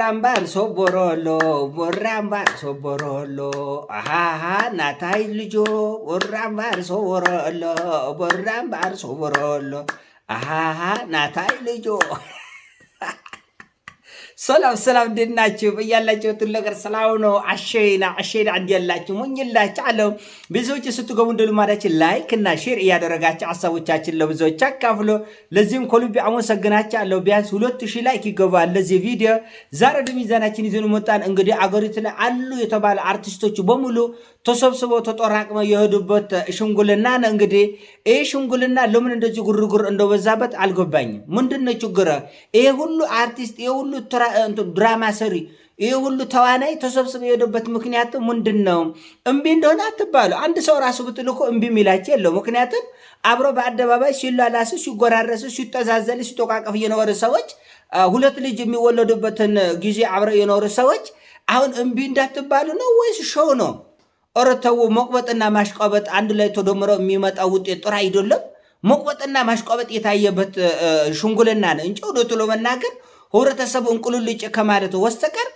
ራምባን ሶቦሮሎ ቦራምባን ሶቦሮሎ አሃሃ ናታይ ልጆ ቦራምባን ሶቦሮሎ ቦራምባን ሶቦሮሎ አሃሃ ናታይ ልጆ ሰላም ሰላም፣ እንዴት ናችሁ? በያላችሁትን ነገር ሰላም ነው። አሸይና አሸይና አንድ ያላችሁ ሞኝላችሁ አለው። ብዙዎች ስትገቡ እንደ ልማዳችን ላይክ እና ሼር እያደረጋችሁ ሀሳቦቻችን ለብዙዎች አካፍሎ፣ ለዚህም ከልቤ አመሰግናችሁ አለው። ቢያንስ ሁለት ሺህ ላይክ ይገባል ለዚህ ቪዲዮ። ዛሬ ወደ ይዘን መጣን። እንግዲህ አገሪቱ ላይ አሉ የተባሉ አርቲስቶች በሙሉ ተሰብስበው ተጠራቅመው የሄዱበት ሽምግልና ነው። እንግዲህ ይህ ሽምግልና ለምን እንደዚህ ጉርጉር እንደበዛበት አልገባኝም። ምንድን ችግር? ይሄ ሁሉ አርቲስት ይሄ ሁሉ ድራማ ሰሪ ይህ ሁሉ ተዋናይ ተሰብስበ የሄደበት ምክንያት ምንድን ነው? እምቢ እንደሆነ አትባሉ። አንድ ሰው ራሱ ብትልኮ እምቢ የሚላቸው የለው። ምክንያቱም አብሮ በአደባባይ ሲላላስ፣ ሲጎራረስ፣ ሲጠዛዘል፣ ሲጠቃቀፍ የኖሩ ሰዎች ሁለት ልጅ የሚወለዱበትን ጊዜ አብረው የኖሩ ሰዎች አሁን እምቢ እንዳትባሉ ነው ወይስ ሾው ነው? ኧረ ተው። መቁበጥና አንድ ላይ ተደምሮ የሚመጣው ውጤት ጥሩ አይደለም። መቁበጥና ማሽቋበጥ የታየበት ሽንጉልና ነው እንጂ ወደ መናገር ህብረተሰቡ እንቁልልጭ ከማለቱ ወስተቀር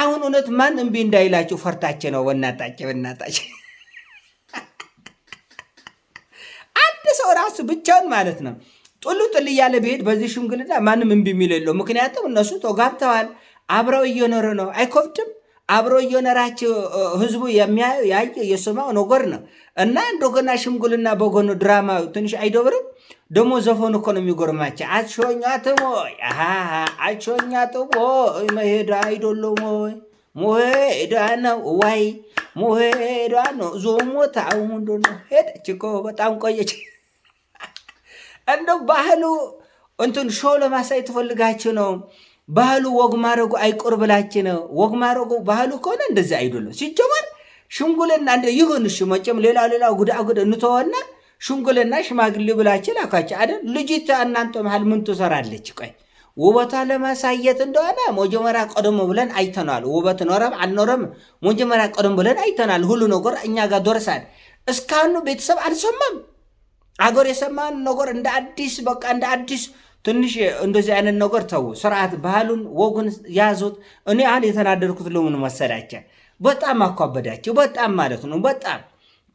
አሁን እውነት ማን እምቢ እንዳይላችሁ ፈርታች ነው። በናጣች በናጣች አንድ ሰው ራሱ ብቻውን ማለት ነው ጥሉ ጥል እያለ ብሄድ በዚህ ሽምግልና ማንም እምቢ የሚል የለው። ምክንያቱም እነሱ ተጋብተዋል፣ አብረው እየኖሩ ነው። አይኮብድም አብሮ እየኖራቸው ህዝቡ የሚያየው ያየ የሰማው ነገር ነው እና እንደገና ሽምግልና በጎኑ ድራማ ትንሽ አይደብርም? ደግሞ ዘፈኑ እኮ ነው የሚጎርማቸው። አቾኛ ትሞይ አቾኛ ጥሞይ መሄዳ አይደለም ወይ ሙሄዳ ነው ዋይ ሙሄዳ ነው ዞሞታ አሁን ነው ሄደች እኮ በጣም ቆየች። እንደው ባህሉ እንትን ሾው ለማሳየት ትፈልጋችሁ ነው ባህሉ ወግ ማረጉ አይቆር ብላችሁ ነው ወግ ማድረጉ ባህሉ ከሆነ እንደዚህ አይደለም። ሲጀመር ሽምግልና ይሁን እሺ፣ መቼም ሌላ ሌላ ጉዳጉድ እንተወና ሽምግልና ሽማግሌ ብላችሁ ላኳቸው አይደል? ልጅቷ እናንተ መሃል ምን ትሰራለች? ቆይ ውበቷ ለማሳየት እንደሆነ መጀመሪያ ቀደም ብለን አይተናል። ውበት ኖረም አልኖረም መጀመሪያ ቀደም ብለን አይተናል። ሁሉ ነገር እኛ ጋር ደርሳል። እስካሁኑ ቤተሰብ አልሰማም። አገር የሰማን ነገር እንደ አዲስ በቃ እንደ አዲስ ትንሽ እንደዚህ አይነት ነገር ተዉ። ስርዓት ባህሉን ወጉን ያዙት። እኔ አሁን የተናደድኩት ለምን መሰላቸው? በጣም አኳበዳቸው። በጣም ማለት ነው በጣም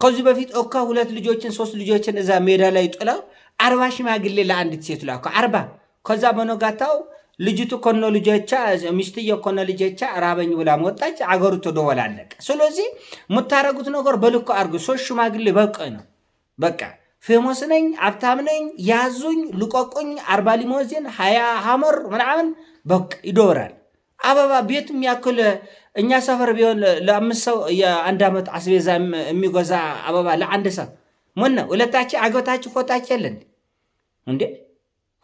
ከዚህ በፊት እኮ ሁለት ልጆችን ሶስት ልጆችን እዛ ሜዳ ላይ ጥለው አርባ ሽማግሌ ለአንዲት ሴት ላከ። አርባ ከዛ በነጋታው ልጅቱ ኮኖ ልጆቻ ሚስትየ ኮኖ ልጆቻ ራበኝ ብላ ወጣች። አገሩ ተደወል አለቀ። ስለዚህ የምታረጉት ነገር በልኮ አርጉ። ሶስት ሽማግሌ በቅ ነው በቃ ፌሞስ ነኝ አብታም ነኝ ያዙኝ ልቆቁኝ አርባ ሊሞዚን ሀያ ሀመር ምናምን በቅ ይደወራል። አበባ ቤት የሚያክል እኛ ሰፈር ቢሆን ለአምስት ሰው የአንድ ዓመት አስቤዛ የሚገዛ አበባ ለአንድ ሰው ምን ነው? ሁለታችሁ አግብታችሁ ፎጣች የለን እንዴ?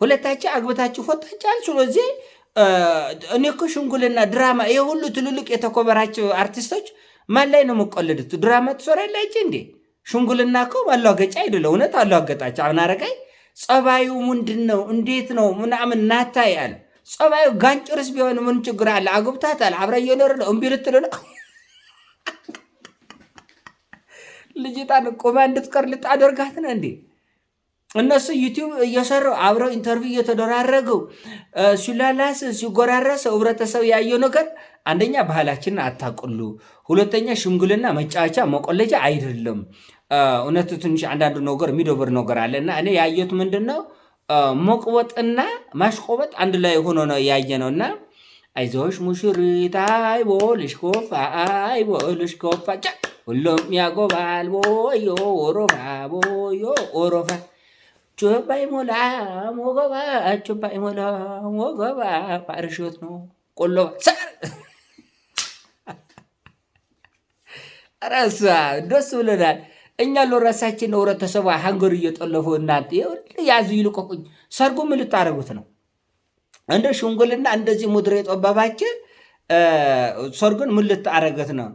ሁለታችሁ አግብታችሁ ፎጣች አል። ስለዚህ እኔ እኮ ሽንጉልና ድራማ ይሄ ሁሉ ትልልቅ የተኮበራቸው አርቲስቶች ማን ላይ ነው የምትቆልዱት? ድራማ ትሰራላችሁ እንዴ? ሽንጉልና እኮ ማለዋገጫ አይደለ? እውነት አለዋገጣቸው አሁን አረጋይ ጸባዩ ምንድን ነው? እንዴት ነው ምናምን ናታ ያለ ጸባዩ ጋንጭርስ ቢሆን ምን ችግር አለ? አግብታታል፣ አብራ እየኖር ነው። እምቢ ልትል ነው። ልጅጣን ቆማ እንድትቀር ልታደርጋት ነው እንዴ? እነሱ ዩቲዩብ እየሰራው አብረው ኢንተርቪው እየተደራረገው ሲላላስ ሲጎራረሰ ህብረተሰብ ያየው ነገር አንደኛ ባህላችንን አታቁሉ፣ ሁለተኛ ሽምግልና መጫወቻ መቆለጃ አይደለም። እውነት ትንሽ አንዳንዱ ነገር የሚደብር ነገር አለ እና እኔ ያየሁት ምንድን ነው መቁበጥና ማሽቆበጥ አንድ ላይ ሆኖ ነው ያየ ነው እና አይዞሽ ሙሽሪት አይቦ ልሽኮፋ አይቦ ልሽኮፋ ጫ ሁሉም ያጎባል ቦዮ ኦሮፋ ቦዮ ኦሮፋ ጩባ ሞላ ሞጎባ ጩባ ሞላ ሞጎባ ፓርሾት ነው ቆሎ ሰር ረሳ ደስ ብለናል። እኛ ለራሳችን ህብረተሰቡ ሀንገር እየጠለፉ እናንተ ያዙ ይልቀቁኝ፣ ሰርጉ ምን ልታደርጉት ነው? እንደ ሽንጉልና እንደዚህ ምድር የጠበባችን ሰርጉን ምን ልታደርጉት ነው?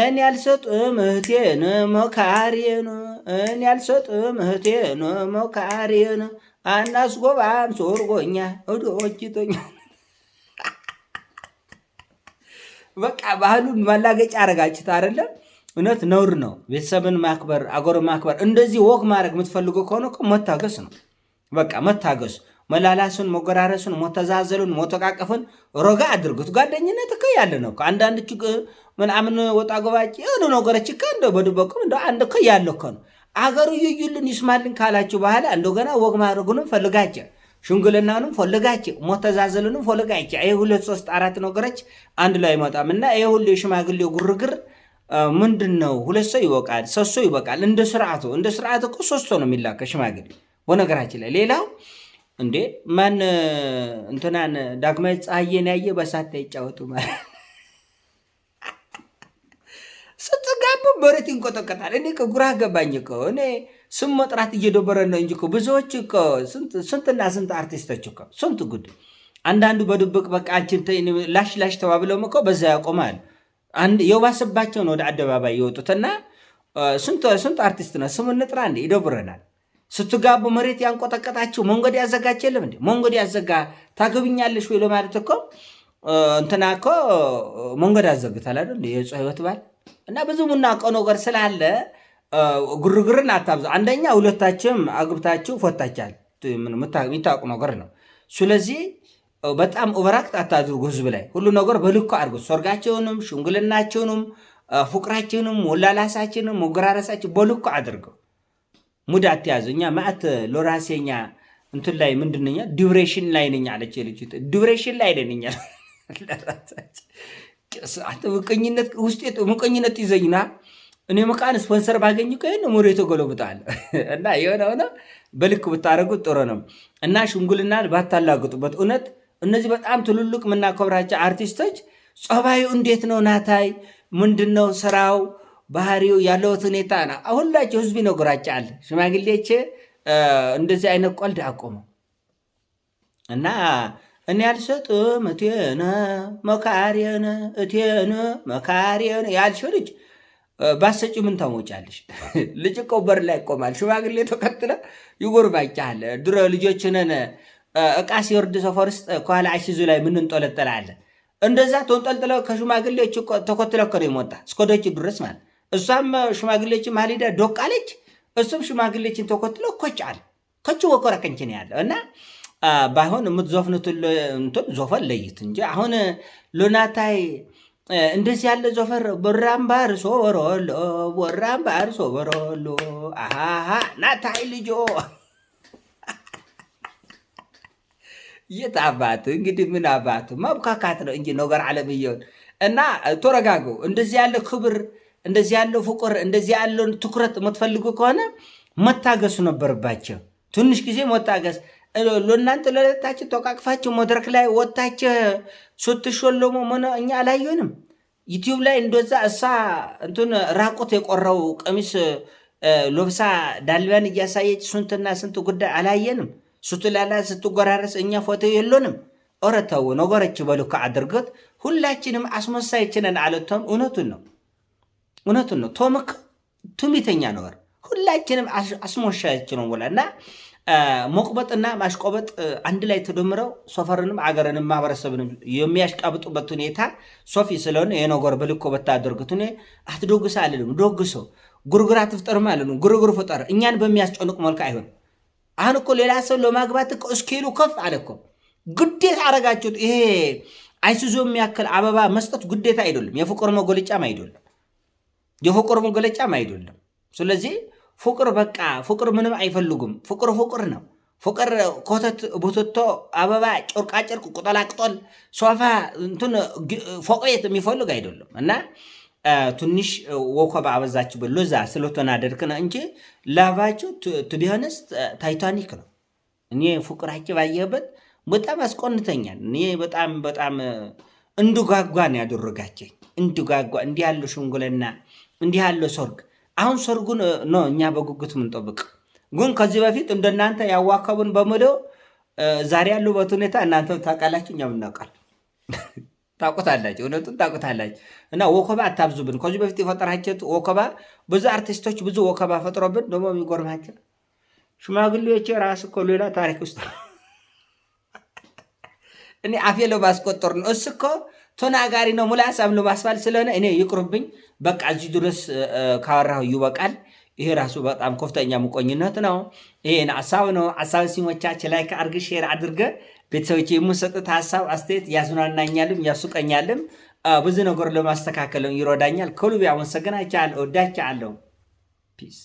እኔ አልሰጥም እህቴን መካሪን፣ እኔ አልሰጥም እህቴን መካሪን፣ አናስጎባም ሰርጎኛ እዶጅቶኛ በቃ ባህሉን ማላገጫ አረጋችት አይደለም። እውነት ነውር ነው። ቤተሰብን ማክበር፣ አገር ማክበር፣ እንደዚህ ወግ ማድረግ የምትፈልገው ከሆነ መታገስ ነው። በቃ መታገስ፣ መላላስን፣ መጎራረስን፣ መተዛዘሉን፣ መተቃቀፍን ሮጋ አድርጉት። ጓደኝነት እኮ ያለ ነው። አንዳንድ ችግ ምናምን ወጣ ጎባጭ የሆኑ ነገሮች እኮ እንደ በድበቁም እንደ አንድ እኮ ያለ እኮ ነው። አገሩ ይዩልን ይስማልን ካላችሁ በኋላ እንደገና ወግ ማድረጉንም ፈልጋቸ ሽንግልናንም ፈልጋቸ መተዛዘሉንም ፈልጋቸ ይህ ሁለት ሶስት አራት ነገሮች አንድ ላይ አይመጣም እና ይህ ሁሉ የሽማግሌው ግርግር ምንድን ነው ሁለት ሰው ይወቃል፣ ሶስት ሰው ይወቃል። እንደ ስርዓቱ እንደ ስርዓት እኮ ሶስቶ ነው የሚላከ ሽማግሌ። በነገራችን ላይ ሌላው እንዴ ማን እንትናን ዳግማዊ ፀሐዬን ያየ በሳት ይጫወቱ ማለት ስትጋቡ መሬት ይንቆጠቀጣል። እኔ ጉራ ገባኝ እኮ እኔ ስም መጥራት እየደበረ ነው እንጂ ብዙዎች ስንትና ስንት አርቲስቶች እኮ ስንት ጉድ። አንዳንዱ በድብቅ በቃ አንቺን ላሽ ላሽ ተባብለው እኮ በዛ ያቆማል። አንድ የባሰባቸውን ወደ አደባባይ የወጡትና ስንት አርቲስት ነው ስሙን ንጥራ እንዴ ይደብረናል። ስትጋቡ መሬት ያንቆጠቀጣችሁ መንገድ ያዘጋች የለም እንዴ? መንገድ ያዘጋ ታገብኛለሽ ወይ ለማለት እኮ እንትና እኮ መንገድ አዘግታል አይደል? የጽ ህይወት ባል እና ብዙ ምናውቀው ነገር ስላለ ግርግርን አታብዛ። አንደኛ ሁለታችም አግብታችሁ ፈታቻል የሚታወቅ ነገር ነው። ስለዚህ በጣም ኦቨራክት አታድርጉ ህዝብ ላይ ሁሉ ነገር በልኮ አድርጉ። ሰርጋቸውንም፣ ሽምግልናቸውንም፣ ፍቅራቸውንም፣ ወላላሳችንም፣ ሞገራረሳቸው በልኮ አድርገው ሙድ አትያዙ። እኛ ማዕት ሎራሴኛ እንትን ላይ ምንድንኛ ዲብሬሽን ላይ ነኛ አለች ልጅ። ዲብሬሽን ላይ ነኝ ምቀኝነት ውስጤ ምቀኝነት ይዘኝና እኔ መቃን ስፖንሰር ባገኝ ከይን ሙሪ ተጎለብጣል እና የሆነ ሆነ በልክ ብታደረጉት ጥሩ ነው እና ሽምግልና ባታላግጡበት እውነት እነዚህ በጣም ትልልቅ የምናከብራቸው አርቲስቶች ጸባዩ እንዴት ነው ናታይ፣ ምንድነው ስራው፣ ባህሪው ያለውት ሁኔታ ነ ሁላቸው ህዝብ ይነግራቸዋል። ሽማግሌቼ እንደዚህ አይነት ቆልድ አቆሙ እና እኔ አልሰጥም እቴነ መካሪነ እቴነ መካሪነ ያልሽው ልጅ ባሰጪ ምን ታሞጫለሽ? ልጅ እኮ በር ላይ ይቆማል። ሽማግሌ ተከትለ ይጎርባጫለ ድሮ ልጆችነን እቃ ሲወርድ ሰፈር ውስጥ ከኋላ አሽዙ ላይ ምን እንጠለጠላለን። እንደዛ ተንጠልጥለው ከሽማግሌዎች ተኮትለው ከደም ይሞጣ እስከ ደጅ ድረስ ማለት እሷም ሽማግሌዎች መሀል ሄዳ ዶቅ እሱም ሽማግሌዎችን ተኮትለው ኮች አለ ከች ወኮረከንችን ያለ እና ባይሆን የምትዘፍኑት እንትን ዞፈን ለይት እንጂ አሁን ሎናታይ እንደዚህ ያለ ዞፈር ቦራምባር ሶበሮሎ ቦራምባር ሶበሮሎ ናታይ ልጆ የት አባት እንግዲህ ምን አባት ማብካካት ነው እንጂ ነገር ዓለም እየሆን እና ተረጋጉ። እንደዚህ ያለ ክብር፣ እንደዚህ ያለ ፍቅር፣ እንደዚህ ያለ ትኩረት የምትፈልጉ ከሆነ መታገሱ ነበርባቸው። ትንሽ ጊዜ መታገስ ለእናንተ ለለታችሁ ተቃቅፋችሁ መድረክ ላይ ወታችሁ ስትሾለሙ እኛ አላየንም። ዩቲዩብ ላይ እንደዛ እሳ እንትን ራቁት የቆረው ቀሚስ ሎብሳ ዳልቢያን እያሳየች ስንትና ስንት ጉዳይ አላየንም። ስትላላ ስትጎራረስ እኛ ፎቶ የለንም። ኦረተው ነገሮች በልኩ አድርገት ሁላችንም አስመሳይችነን ችለን አለቶም። እውነቱን ነው፣ እውነቱን ነው። ቶምክ ትሚተኛ ነበር። ሁላችንም አስሞሻችንን ወላና መቁበጥና ማሽቆበጥ አንድ ላይ ተደምረው ሶፈርንም አገርንም ማህበረሰብንም የሚያሽቃብጡበት ሁኔታ ሶፊ ስለሆነ የነገር በልኮ በታደርጉት ሁኔ አትዶግስ አልልም። ዶግሶ ጉርጉራ ትፍጠርም አልልም። ጉርጉር ፍጠር እኛን በሚያስጨንቅ መልክ አይሆን አሁን እኮ ሌላ ሰው ለማግባት እኮ እስኪሉ ከፍ አለ እኮ ግዴታ አረጋችሁት። ይሄ አይሱዙ የሚያክል አበባ መስጠት ግዴታ አይደለም፣ የፍቅር መገለጫም አይደለም፣ የፍቅር መገለጫም አይደለም። ስለዚህ ፍቅር በቃ ፍቅር ምንም አይፈልጉም። ፍቅር ፍቅር ነው። ፍቅር ኮተት፣ ቡትቶ፣ አበባ፣ ጨርቃጨርቅ፣ ቁጠላቅጦል ሶፋ፣ እንትን ፎቅ ቤት የሚፈልግ አይደለም እና ትንሽ ወከባ አበዛችበት ለዛ ስለተናደድክነ እንጂ ላቫቸው ቱቢሆነስ ታይታኒክ ነው። እኔ ፍቅራቸው ባየህበት በጣም አስቆንተኛል። እኔ በጣም በጣም እንድጓጓ ነው ያደረጋቸኝ። እንድጓጓ እንዲህ ያለው ሽምግልና እንዲህ ያለው ሰርግ። አሁን ሰርጉን ነው እኛ በጉጉት ምንጠብቅ። ግን ከዚህ በፊት እንደናንተ ያዋከቡን በሙሉ ዛሬ ያሉበት ሁኔታ እናንተ ታውቃላችሁ፣ እኛም እናውቃል። ታውቁታላችሁ፣ እውነቱን ታውቁታላችሁ። እና ወከባ አታብዙብን። ከዚህ በፊት የፈጠራችሁት ወከባ ብዙ አርቲስቶች ብዙ ወከባ ፈጥሮብን ደግሞ የሚጎርማቸው ሽማግሌዎች ራስ እኮ ሌላ ታሪክ ውስጥ እኔ አፌ ለማስቆጠር ነው። እሱ እኮ ተናጋሪ ነው፣ ሙላሳም ለማስፋል ስለሆነ እኔ ይቅርብኝ። በቃ እዚህ ድረስ ካወራሁ ይበቃል። ይሄ ራሱ በጣም ከፍተኛ ሙቆኝነት ነው። ይሄን አሳብ ነው። አሳብ ሲሞቻች ላይ ከአርግ ሼር አድርገ ቤተሰቦች የምሰጥት ሀሳብ አስተያየት ያዝናናኛልም ያሱቀኛልም ብዙ ነገር ለማስተካከልም ይረዳኛል። ከልቤ አመሰግናችኋለሁ፣ እወዳችኋለሁ። ፒስ